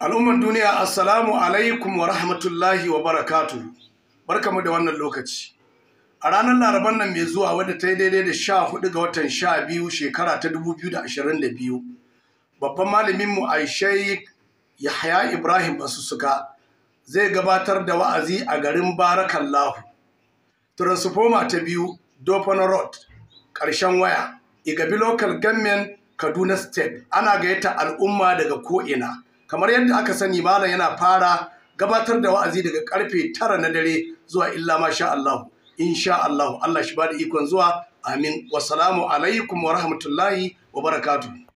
Al'ummar duniya assalamu alaikum wa rahmatullahi wa barakatu barkamu da wannan lokaci. A ranar laraban nan mai zuwa wadda ta yi daidai da sha hudu ga watan sha biyu shekara ta dubu biyu da ashirin da biyu. Babban malaminmu Aishai Yahya Ibrahim Basussuka zai gabatar da wa'azi a garin Barakallahu. Transformer ta biyu Dofan Road ƙarshen waya Igabi Local Government Kaduna State ana gayyata al'umma daga ko'ina. kamar yadda aka sani malam yana fara gabatar da wa'azi daga karfe tara na dare zuwa illa masha Allah insha Allah Allah shi bada ikon zuwa amin wasalamu alaikum wa rahmatullahi wa barakatuh